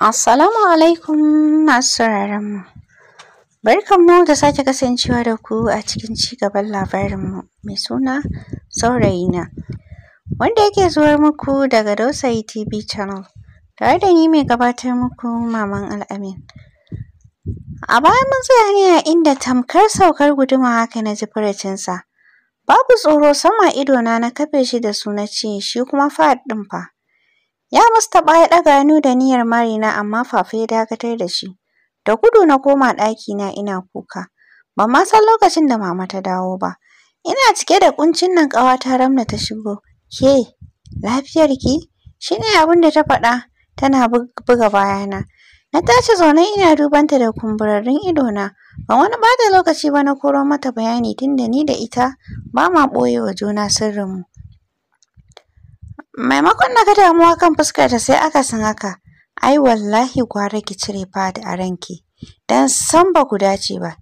Assalamu alaikum masu Barkan mu. Barkanmu da sake kasancewa da ku a cikin ci cigaban labarinmu mai suna saurayina wanda yake zuwar muku daga Dausayi TV channel tare da ni mai gabatar muku Maman Al'amin. A baya mun tsaya ne a inda tamkar saukar guduma haka na ji furicinsa. Babu tsoro sama idona na kafe shi da su na shi kuma Fahad ɗin fa. Ya Mustapha ya ɗaga hannu da niyyar marina amma fafe ya dakatar da shi. Da gudu na koma ɗakina ina kuka. Ban ma san lokacin da mama ta dawo ba. Ina cike da ƙuncin nan ƙawata Ramna ta shigo. Ke, lafiyarki? Shi ne abin da ta faɗa tana buga bayana. Na tashi zaune ina dubanta da kumburarrun idona. Ban wani bata lokaci ba na koro mata bayani tunda ni da ita ba ma ɓoye wa juna sirrinmu. maimakon na ga damuwa kan ta sai aka san haka ai wallahi gwara ki cire fada a ranki dan san ba ku dace ba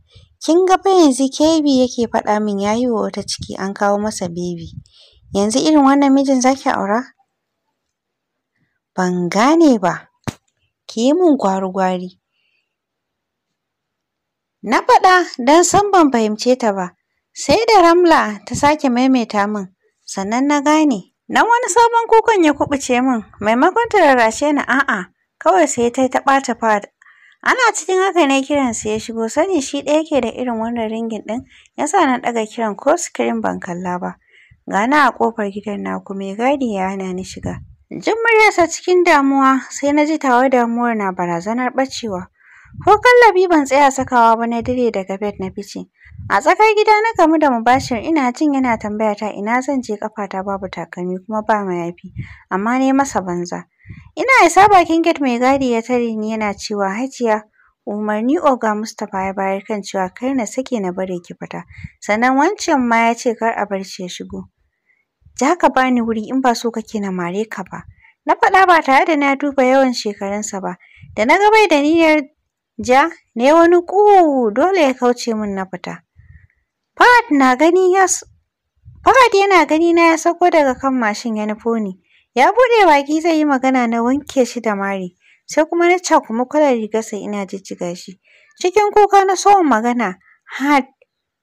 kin ga fa yanzu KB yake faɗa min yayi wa wata ciki an kawo masa baby, yanzu irin wannan mijin zaki aura ban gane ba ki yi min gwari-gwari na faɗa dan san ban fahimce ta ba sai da ramla ta sake maimaita min sannan na gane Nan wani sabon kukan ya kuɓuce min, maimakon ta rarrashe ni a'a, kawai sai ta ta ɓata fata. Ana cikin haka ne kiransa ya shigo, sani shi ɗaya ke da irin wannan ringin ɗin, ya sa na ɗaga kiran ko sikirin ban kalla ba. Ga na a ƙofar gidan naku mai gadi ya hana ni shiga. Jin muryarsa cikin damuwa, sai na ji tawa damuwar na barazanar ɓacewa. Ko kallabi ban tsaya sakawa ba na dire daga bed na fice. A tsakar gida na gamu da Mubashir ina jin yana tambaya ta ina zan je kafata babu takalmi kuma ba mayafi amma ne masa banza. Ina isa bakin gate mai gadi ya tare ni yana cewa Hajiya umarni oga Mustapha ya bayar kan cewa kar na sake na bare ki fita sannan wancan ma ya ce kar a bar ya shigo. Ja ka bani wuri in ba so kake na mare ka ba. Na faɗa ba tare da na duba yawan shekarunsa ba da na ga bai da niyyar ja ne wani ƙu dole ya kauce min na fita. Fahad na gani ya Fahad yana gani na ya sako daga kan mashin ya nufo ni. Ya buɗe baki zai yi magana na wanke shi da mari. Sai kuma na cakumi kwalar rigarsa ina jijjiga shi. Cikin kuka na so magana. Had,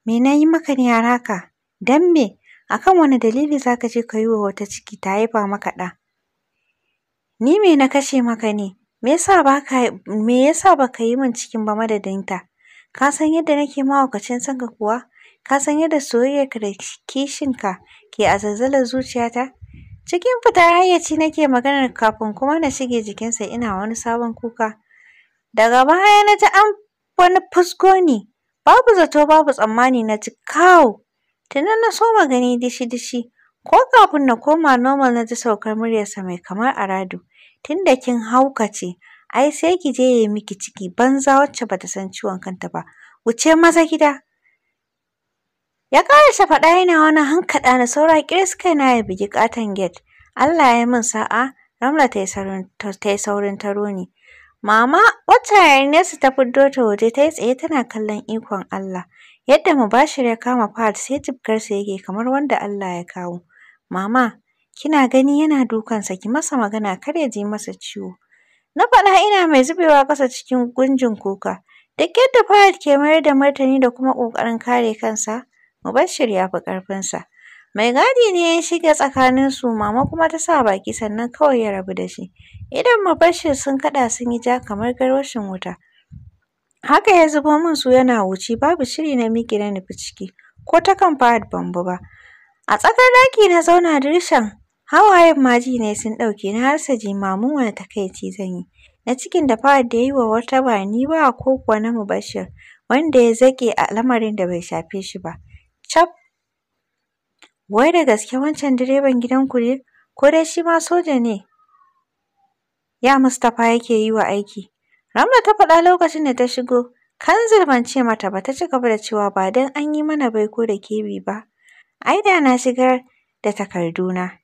me na yi maka ne yaraka? Dan me? Akan wani dalili za ka je ka yi wa wata ciki ta haifa maka ɗa? Ni me na kashe maka ne? Me yasa baka yi min cikin ba madadinta? Ka san yadda nake mahaukacin son ka kuwa? Ka san yadda soyayyarka da kishinka ke a zazzalar zuciyata? Cikin fita hayyaci nake maganar kafin kuma na shige jikinsa ina wani sabon kuka. Daga baya na ji an wani fusko ne, babu zato babu tsammani na ji kawo. Tunan na soma gani dishi-dishi, ko kafin na koma normal na ji saukar muryarsa mai kamar aradu. tunda kin hauka ce, ai sai ki je yayi miki ciki banza wacce bata san ciwon kanta ba wuce maza gida ya karasa faɗa yana wani hankaɗa na saura ƙiris na ya bugi ƙaton get. Allah ya min sa'a Ramla ta yi saurin taro ne. mama wacce yayarnesa ta fiddo ta waje ta yi tsaye tana kallon ikon Allah yadda mu mubashir ya kama Fahad sai jibgarsa yake kamar wanda Allah ya kawo mama Kina gani yana dukansa ki masa magana kar ya ji masa ciwo. Na faɗa ina mai zubewa ƙasa cikin gunjin kuka. Duk yadda Fahad ke mayar da martani da kuma ƙoƙarin kare kansa, Mubashir ya fi ƙarfinsa. Mai gadi ne ya shiga tsakaninsu mama kuma ta sa baki sannan kawai ya rabu da shi. Idan Mubashir sun kaɗa sun yi ja kamar garwashin wuta. Haka ya zubo min su yana wuci babu shiri na miƙe na nufi ciki ko ta kan Fahad ban bi ba. A tsakar daki na zauna dirshan Hawayen ma ji na sun ɗauke ni har sajimamin wani takaici zan yi. Na cikin da fara da yi wa wata ba ni ba ko kuwa na Mubashir wanda ya zaƙe a lamarin da bai shafe shi ba. Cab! Wai da gaske wancan direban gidan ku ne? Ko dai shi ma soja ne? Ya Mustapha yake yi wa aiki. Ramla ta faɗa lokacin da ta shigo. Kanzil ban mata ba ta ci gaba da cewa ba dan an yi mana baiko da kebi ba. Aida na shigar da takarduna.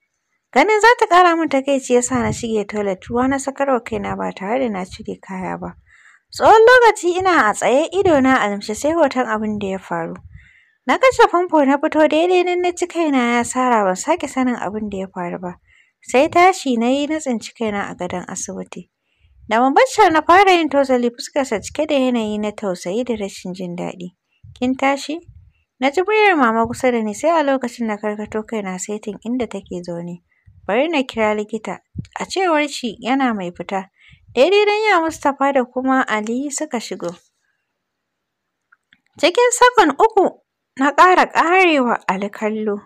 Ganin za ta ƙara min takaici ya sa na shige toilet ruwa na sakarwa kaina ba tare da na cire kaya ba. Tsawon lokaci ina a tsaye idona a limshe sai hoton abin da ya faru. Na kashe famfo na fito daidai nan na ci kaina ya sara ban sake sanin abin da ya faru ba. Sai tashi na yi na tsinci kaina a gadon asibiti. Da mabacca na fara yin tozali fuskarsa cike da yanayi na tausayi da rashin jin daɗi. Kin tashi? Na ji muryar mama kusa da ni sai a lokacin na karkato kaina saitin inda take zaune. bari na kira likita. A cewar shi yana mai fita. Daidai don ya Mustapha da kuma Ali suka shigo. Cikin sakan uku na ƙara ƙarewa Ali kallo.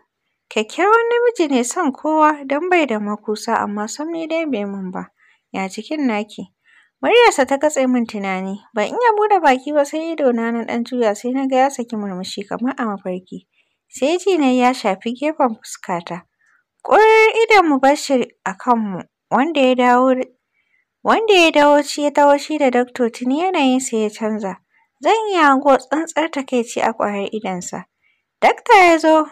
Kyakkyawan namiji ne son kowa don bai da makusa amma sam ni dai bai min ba. Ya cikin naki? Muryarsa ta katse min tunani. Ban iya buɗe baki ba sai idona na ɗan juya sai na ga ya saki murmushi kamar a mafarki. Sai ji na ya shafi gefen fuskata. Ƙurar idon Mubashir a kanmu, wanda ya dawo shi ya dawo shi da Dakto tuni yanayinsa ya canza. Zan iya hango tsantsar takaici a ƙwayar idonsa. Dakta ya zo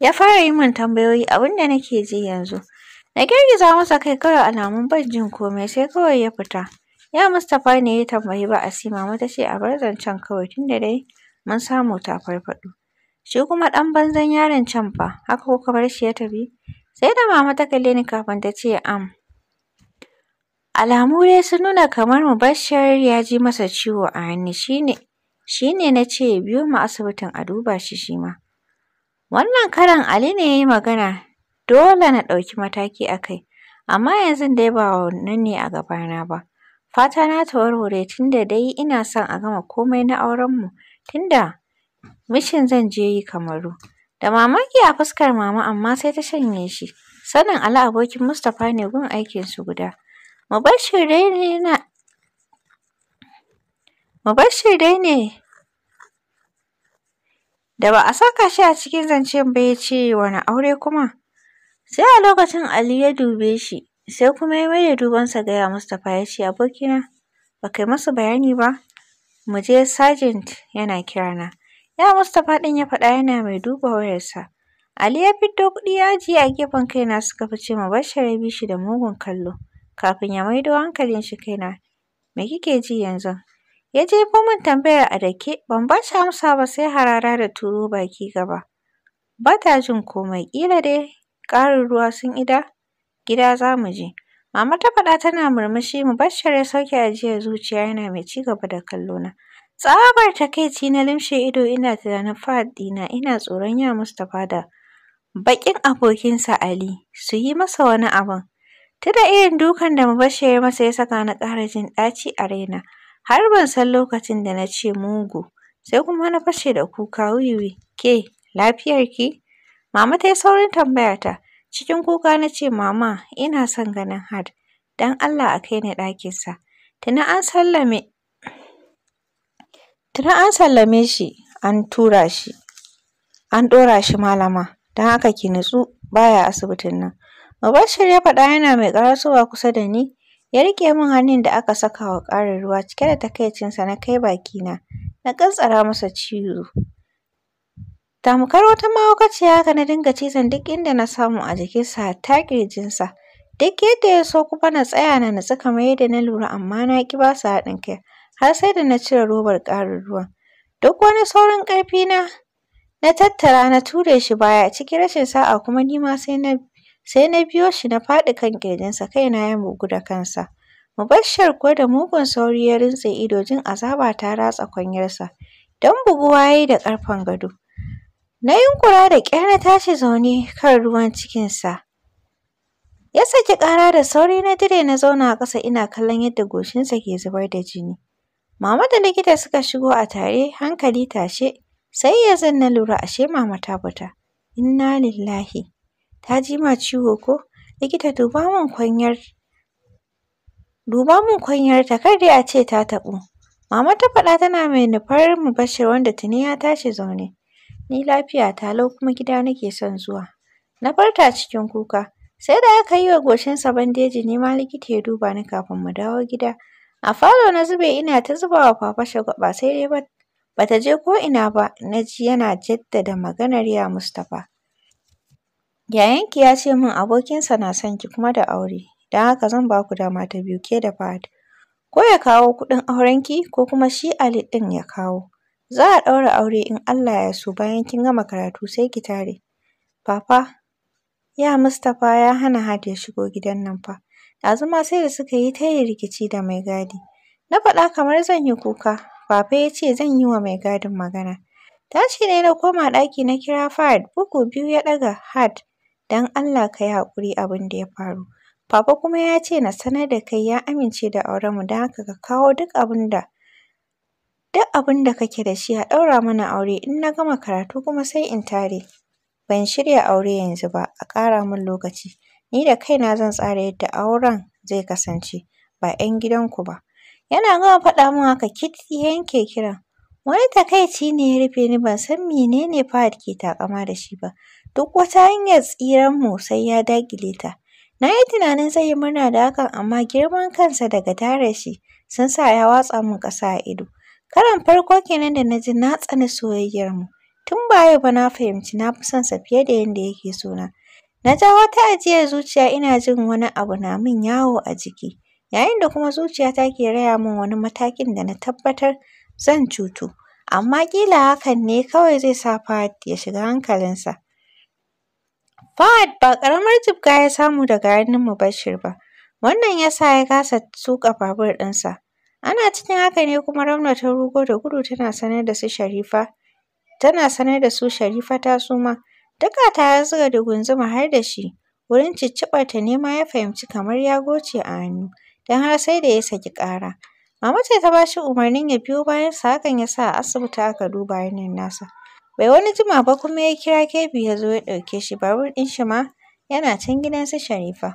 ya fara yi min tambayoyi abinda nake ji yanzu. Na girgiza masa kai kawai alamun ban jin komai sai kawai ya fita. Ya Mustapha ne ya tambayi Ba'asima mu ta ce a bar zancen kawai tunda dai mun samu ta farfaɗo. Shi kuma ɗan banzan yaron can fa, haka kuka bar shi ya tafi? Sai da mama ta kalle ni kafin ta ce am. Alamu dai sun nuna kamar Mubashir ya ji masa ciwo a hannu shi ne, shi ne na ce ya biyo mu asibitin a duba shi shi ma. Wannan karan Ali ne ya yi magana, dole na ɗauki mataki a kai, amma yanzu dai ba wannan ne a gabana ba. Fata na ta warware tunda dai ina son a gama komai na aurenmu tunda Mishin zan je yi Kamaru. Da mamaki a fuskar mama amma sai ta shanye shi. Sanin Ali abokin Mustapha ne gun aikinsu guda. Mubashir dai ne dai ne da ba a saka shi a cikin zance ba ya ce wani aure kuma. Sai a lokacin Ali ya dube shi sai kuma ya maida dubansa gaya Mustapha ya ce abokina ba kai masu bayani ba mu je sergeant yana na. Ya Mustapha din ya faɗa yana mai duba wayarsa. Ali ya fiddo kuɗi ya ajiye a gefen kaina suka fi fice Mubashir ya bi shi da mugun kallo kafin ya maido hankalin shi kaina. Me kike ji yanzu? Ya jefo min tambayar a dake ban ba shi amsa ba sai harara da turo baki gaba. Ba ta jin komai ƙila dai ƙarin ruwa sun ida gida za mu je. Mama ta faɗa tana murmushi Mubashir ya sauke ajiyar zuciya yana mai ci gaba da kallo na. Tsabar takaici na limshe ido ina tunanin Fahad ɗina ina tsoron ya Mustapha da baƙin abokinsa Ali su yi masa wani abin. Tuna irin dukan da Mubashir ya masa ya saka na ƙara jin ɗaci a raina har ban san lokacin da na ce mugu sai kuma na fashe da kuka wiwi ke Lafiyar ki? Mama ta yi saurin tambayata cikin kuka na ce mama ina son ganin Had don Allah a kai ni ɗakinsa. Tana an sallame Tuna an sallame shi an tura shi an ɗora shi malama, don haka ki nutsu baya asibitin nan. Mubashir ya faɗa yana mai ƙarasowa kusa da ni, ya riƙe min hannun da aka saka wa ƙarin ruwa cike da takaicinsa na kai bakina na gutsura masa cizo. Tamkar wata mahaukaciya haka na dinga cizon duk inda na samu a jikinsa hatta ƙirjinsa. Duk yadda ya so kuma na tsaya na nutsu kamar yadda na lura amma na ƙi ba su haɗin kai. har sai da na cire robar ƙarin ruwan. Duk wani saurin ƙarfi na na tattara na ture shi baya cikin rashin sa'a kuma ni ma sai na sai na biyo shi na faɗi kan ƙirjinsa kaina ya bugu da kansa. Mu Mubashshir kuwa da mugun sauri ya rintse ido jin azaba ta ratsa kwanyarsa don buguwa ya yi da ƙarfen gado. Na yunƙura da ƙyar na tashi zaune kan ruwan cikinsa. Ya saki ƙara da sauri na dire na zauna a ƙasa ina kallon yadda goshinsa ke zubar da jini. Mama da likita suka shigo a tare hankali tashe. Sai zan na lura ashe mama ta fita. Inna lillahi. Ta jima ciwo ko? Likita duba min kwanyar duba min kwanyarta kar dai a ce ta taɓo Mama ta faɗa tana mai nufar Mubashir wanda tuni ya tashi zaune. Ni lafiya ta lau kuma gida nake son zuwa. Na farta cikin kuka. Sai da aka yi wa goshinsa bandeji ne ma likita ya duba ni kafin mu dawo gida. A falo na zube ina ta zuba wa Papa shagwaɓa sai dai ba bata je ko ina ba naji yana jaddada maganar ya Mustapha. Yayanki ya ce min abokinsa na son ki kuma da aure, don haka zan ba ku dama ta biyu ke da Fahad. Ko ya kawo kuɗin aurenki ko kuma shi Ali ɗin ya kawo. Za a ɗaura aure in Allah ya so bayan kin gama karatu sai ki tare. Papa, ya Mustapha ya hana Had ya shigo gidan nan fa. yanzu ma sai da suka yi ta yin rikici da mai gadi. Na faɗa kamar zan yi kuka, Baba ya ce zan yi wa mai gadin magana. Tashi ne na koma ɗaki na kira Fahad, bugu biyu ya ɗaga Had, don Allah ka yi haƙuri abin da ya faru. Baba kuma ya ce na sanar da kai ya amince da aurenmu don haka ka kawo duk abin da duk abin da kake da shi a ɗaura mana aure in na gama karatu kuma sai in tare. Ban shirya aure yanzu ba, a ƙara min lokaci. Ni da kaina zan tsara yadda auren zai kasance, ba 'yan ku ba. Yana gama faɗa min haka kit yanke kiran. Wani takaici ne ya rufe ni ban san mene ne Fahad ke taƙama da shi ba. Duk wata hanyar tsiran mu sai ya daƙile ta. Na yi tunanin zai yi murna da hakan amma girman kansa daga tare shi sun sa ya watsa min ƙasa a ido. Karan farko kenan da na ji na tsani soyayyar mu. Tun ba yau ba na fahimci na fi son sa fiye da yanda yake so na. Na ja wata ajiyar zuciya ina jin wani abu na min yawo a jiki, yayin da kuma zuciyata ke raya min wani matakin da na tabbatar zan cutu, amma ƙila hakan ne kawai zai sa Fahad ya shiga hankalinsa. Fahad ba ƙaramar jibga ya samu daga hannun Mubashir ba, wannan ya sa ya kasa tuƙa babur ɗinsa. Ana cikin haka ne kuma rauna ta rugo da gudu tana sanar da su Sharifa, tana sanar da su Sharifa ta suma. Duka ta zuga da gunzuma har da shi, wurin cicciɓar ta nema ya fahimci kamar ya goce a hannu, don har sai da ya saki ƙara. Mama ce ta ba shi umarnin ya biyo bayansa hakan ya sa a asibiti aka duba hannun nasa. Bai wani jima ba kuma ya kira Kebi ya zo ya ɗauke shi, babur ɗin shi ma yana can gidan su Sharifa.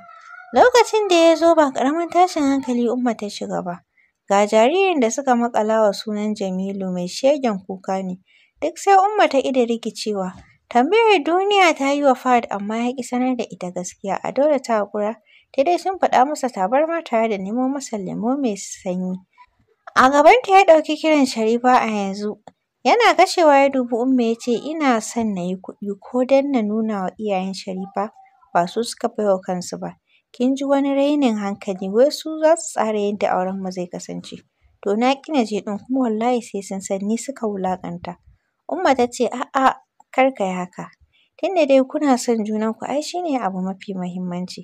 Lokacin da ya zo ba ƙaramin tashin hankali Umma ta shiga ba. Ga jaririn da suka maƙala wa sunan Jamilu mai shegen kuka ne, duk sai Umma ta ƙi da rikicewa. Tambayar duniya ta yi wa Fahad amma ya ƙi sanar da ita gaskiya. A dole ta haƙura. Ta dai sun faɗa masa tabarma tare da nemo masa lemo mai sanyi. A gabanta ya ɗauki kiran Sharifa a yanzu. Yana kashewa ya dubi Umma ya ce, ina son na yi kuɗi ko don na nuna wa iyayen Sharifa ba su suka bai wa kansu ba. Kin ji wani rainin hankali wai su za su tsara yadda aurenmu zai kasance. To na ƙi na je ɗin kuma wallahi sai sun san ni suka wulaƙanta. Umma ta ce, a'a kar ka yi haka. Tunda dai kuna son junanku ai shi ne abu mafi muhimmanci.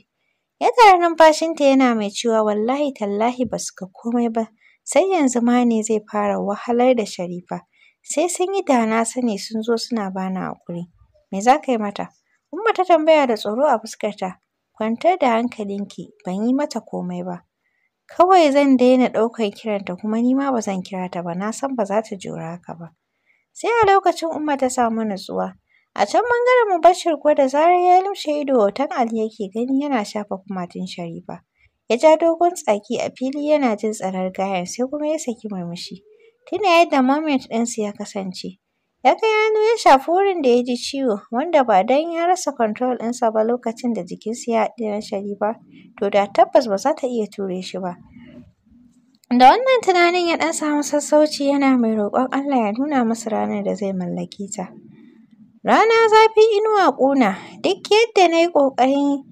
Ya tara numfashinta yana mai cewa wallahi tallahi ba su ga komai ba, sai yanzu ma ne zai fara wahalar da Sharifa. Sai sun yi da na sani sun zo suna ba ni haƙuri. Me za ka yi mata? Umma ta tambaya da tsoro a fuskarta. Kwantar da hankalin ki, ban yi mata komai ba. Kawai zan daina ɗaukar kiranta kuma ni ma ba zan kira ta ba, na san ba za ta jora haka ba. Sai a lokacin Umma ta samu nutsuwa. A can ɓangaren Mubashir kuwa da zarar ya lumshe ido hoton Ali yake gani yana shafa kumatun Sharifa. Ya ja dogon tsaki a fili yana jin tsanar gayan sai kuma ya saki murmushi. Tuna yadda moment ɗinsu ya kasance. Ya kai hannu ya shafi wurin da ya ji ciwo wanda ba don ya rasa control ɗinsa ba lokacin da jikinsa ya haɗu da na Sharifa to da tabbas ba za ta iya ture shi ba. Da wannan tunanin ya ɗan samu sassauci yana mai roƙon Allah ya nuna masa ranar da zai mallake ta. Rana zafi inuwa ƙuna, duk yadda na yi ƙoƙarin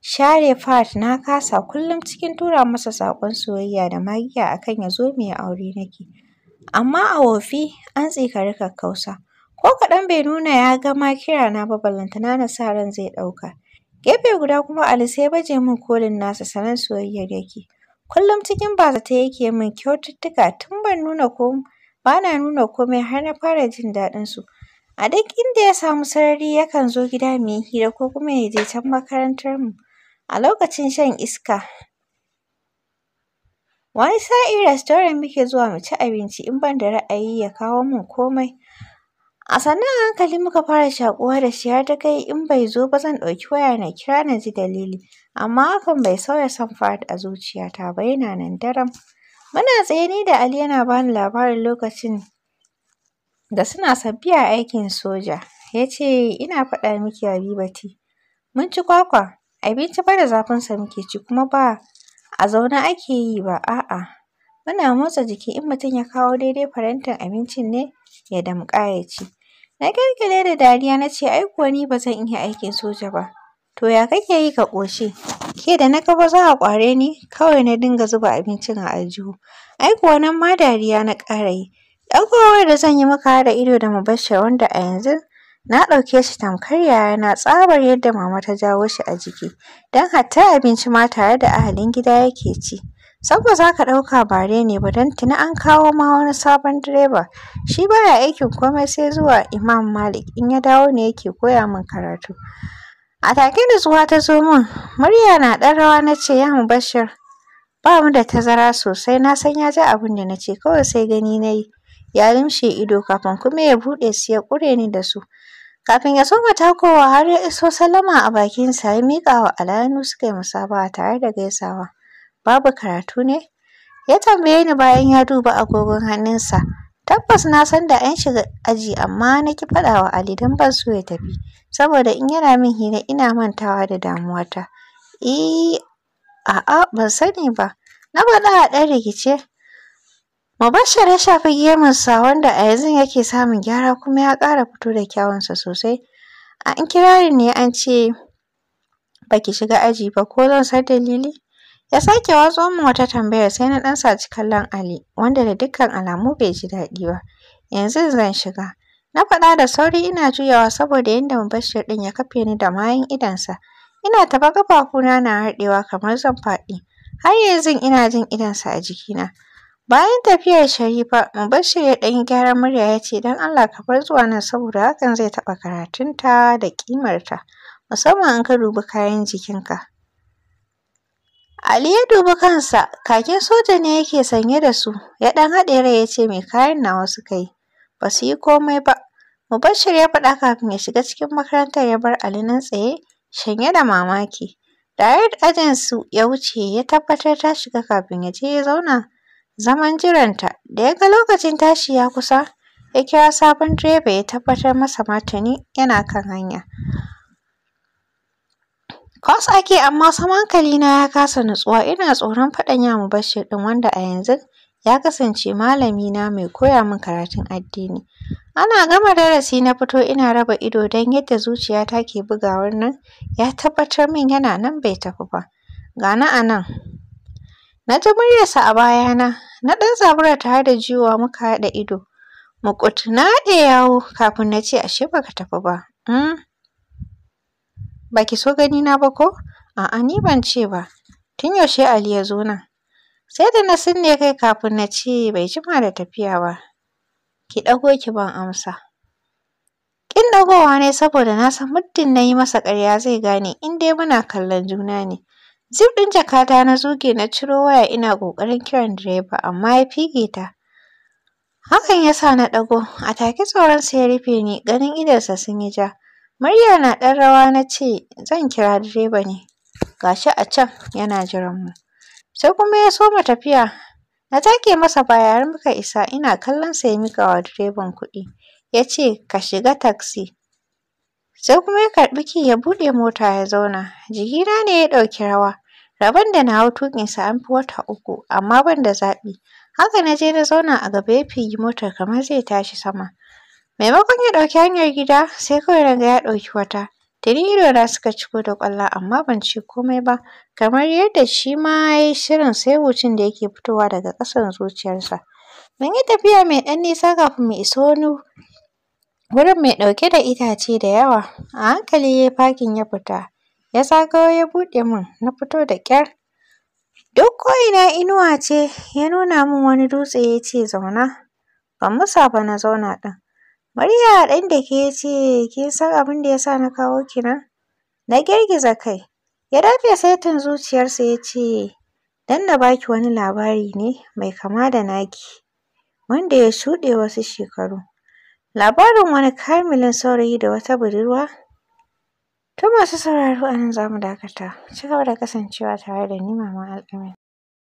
share fat na kasa kullum cikin tura masa saƙon soyayya da magiya a kan ya zo mu yi aure nake. Amma a wofi an tsikari kakkausa, ko kaɗan bai nuna ya ga ma na ba ballantana na sa ran zai ɗauka. Gefe guda kuma Ali sai baje min kolin nasa sanan soyayyar yake. Kullum cikin bazata yake min kyaututtuka tun ban nuna ko bana nuna komai har na fara jin daɗin su. A duk inda ya samu sarari yakan zo gida mu yi hira ko kuma ya je can makarantar mu. A lokacin shan iska wani sa'in restaurant muke zuwa mu ci abinci in ban da ra'ayi ya kawo min komai. A sannan hankali muka fara shakuwa da shi har ta kai in bai zo ba zan ɗauki waya na kira na ji dalili, amma hakan bai sauya son Fahad a zuciyata ba yana nan daram. Muna tsaye ni da Ali yana bani labarin lokacin da suna sabbi a aikin soja, ya ce ina faɗa miki Habibati, mun ci kwakwa, abinci ba da zafinsa muke ci kuma ba a zaune ake yi ba a'a. Muna motsa jiki in mutum ya kawo daidai farantin abincin ne ya damƙa ya ci. Na ƙyalƙyale da dariya na ce ai kuwa ni ba zan iya aikin soja ba. To ya kake yi ka ƙoshi? Ke da na ga ba za a ƙware ni kawai na dinga zuba abincin a aljihu. Ai kuwa nan ma dariya na ƙara yi. Ɗaukowar da zan yi maka da ido da Mubashir wanda a yanzu na ɗauke shi tamkar yaya na tsabar yadda mama ta jawo shi a jiki. Don hatta abinci ma tare da ahalin gida yake ci. Sabba za ka ɗauka ba ne ba don tuni an kawo ma wani sabon direba. Shi baya aikin komai sai zuwa Imam Malik in ya dawo ne yake koya min karatu. A take da zuwa ta zo min, murya na ɗan rawa na ce ya Bashir. ba mu da tazara sosai na san ya ji abin da na ce kawai sai gani na yi. Ya limshe ido kafin kuma ya buɗe su ya ƙure ni da su. Kafin ya soma takowa har ya iso salama a bakinsa ya miƙa wa Alhanu suka yi musaba tare da gaisawa. babu karatu ne? Ya tambaye ni bayan ya duba agogon hannunsa. Tabbas na san da an shiga aji amma na ki faɗa wa Ali don ban so ya tafi. Saboda in yana min hira ina mantawa da damuwata. Eh, a'a ban sani ba. Na faɗa a ɗan rikice. Mubashir ya shafi gemunsa wanda a yanzu yake samun gyara kuma ya ƙara fito da kyawunsa sosai. An kira ni ne an ce baki shiga aji ba ko zan san dalili? Ya sake watso min wata tambayar sai na ɗan saci kallon Ali wanda da dukkan alamu bai ji daɗi ba. Yanzu zan shiga. Na faɗa da sauri ina juyawa saboda yanda Mubashir ɗin ya kafe ni da mayan idonsa. Ina taɓa ƙafafuna na haɗewa kamar zan faɗi. Har yanzu ina jin idonsa a jikina. Bayan tafiyar Sharifa, Mubashir ya ɗan yi gyaran murya ya ce don Allah ka bar zuwa nan saboda hakan zai taɓa karatunta da ƙimarta musamman in ka dubi kayan jikinka. Ali ya dubi kansa, kakin soja ne yake sanye da su, ya ɗan haɗe rai ya ce mai kayan nawa suka yi, ba su yi komai ba. Mubashir ya faɗa kafin ya shiga cikin makarantar ya bar Ali nan tsaye, shanye da mamaki. da Da ajinsu ya wuce ya tabbatar ta shiga kafin ya je ya zauna zaman jiranta, da ya ga lokacin tashi ya kusa, ya kira sabon direba ya tabbatar masa martani yana kan hanya. Kwas ake amma saman na ya kasa nutsuwa ina tsoron faɗan ya Mubashir ɗin wanda a yanzu ya kasance malami na mai koya min karatun addini. Ana gama darasi na fito ina raba ido don yadda zuciyata ke bugawa nan ya tabbatar min yana nan bai tafi ba. Ga ni a nan. Na ji muryarsa a bayana, na ɗan zabura tare da jiwa muka haɗa ido. Muƙut na haɗe yawo kafin na ce ashe ba ka tafi ba. Mm. ba ki so gani na ba ko? A'a ni ban ce ba. Tun yaushe Ali ya zo nan? Sai da na sinne kai kafin na ce bai jima da tafiya ba. Ki ɗago ki ban amsa. Ƙin ɗagowa ne saboda na san muddin na yi masa ƙarya zai gane in dai muna kallon juna ne. Zip ɗin jakata na zuge na ciro waya ina ƙoƙarin kiran direba amma ya fige ta. Hakan ya sa na ɗago, a take tsoronsa ya rufe ni, ganin idonsa sun yi ja. Murya na ɗan rawa na ce, zan kira direba ne, ga shi a can yana jiran mu. Sai kuma ya soma tafiya, na take masa baya har muka isa ina kallonsa ya miƙa wa direban kuɗi. Ya ce, ka shiga taksi. Sai kuma ya karɓi ki ya buɗe mota ya zauna. Jikina ne ya ɗauki rawa. Rabon da na hau tuƙinsa an fi wata uku, amma ban da zaɓi. Haka na je na zauna a gaba ya figi motar kamar zai tashi sama. maimakon ya ɗauki hanyar gida sai kawai na ga ya ɗauki wata tuni idona suka ciko da ƙwalla amma ban ci komai ba kamar yadda shi ma ya yi shirin sai hucin da yake fitowa daga ƙasan zuciyarsa mun yi tafiya mai ɗan nisa kafin mu isa wani wurin mai ɗauke da itace da yawa a hankali ya yi fakin ya fita ya zagayo ya buɗe mun, na fito da ƙyar duk ko'ina inuwa ce ya nuna min wani dutse ya ce zauna ban musa ba na zauna ɗin Murya ɗan da ke ce, kin san abin da ya sa na kawo ki nan? Na girgiza kai. Ya dafe saitin zuciyarsa ya ce, don na baki wani labari ne mai kama da naki, wanda ya shuɗe wasu shekaru. Labarin wani kamilin saurayi da wata budurwa. To masu sauraro a nan za mu dakata. Ku ci da kasancewa tare da ni Maman Al'amin.